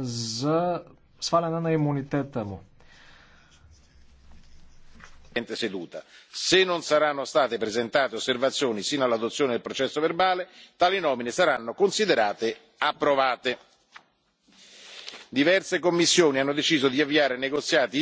за сваляне на имунитета му. Seduta. Se non saranno state presentate osservazioni sino all'adozione del processo verbale, tali nomine saranno considerate approvate. Diverse commissioni hanno deciso di avviare negoziati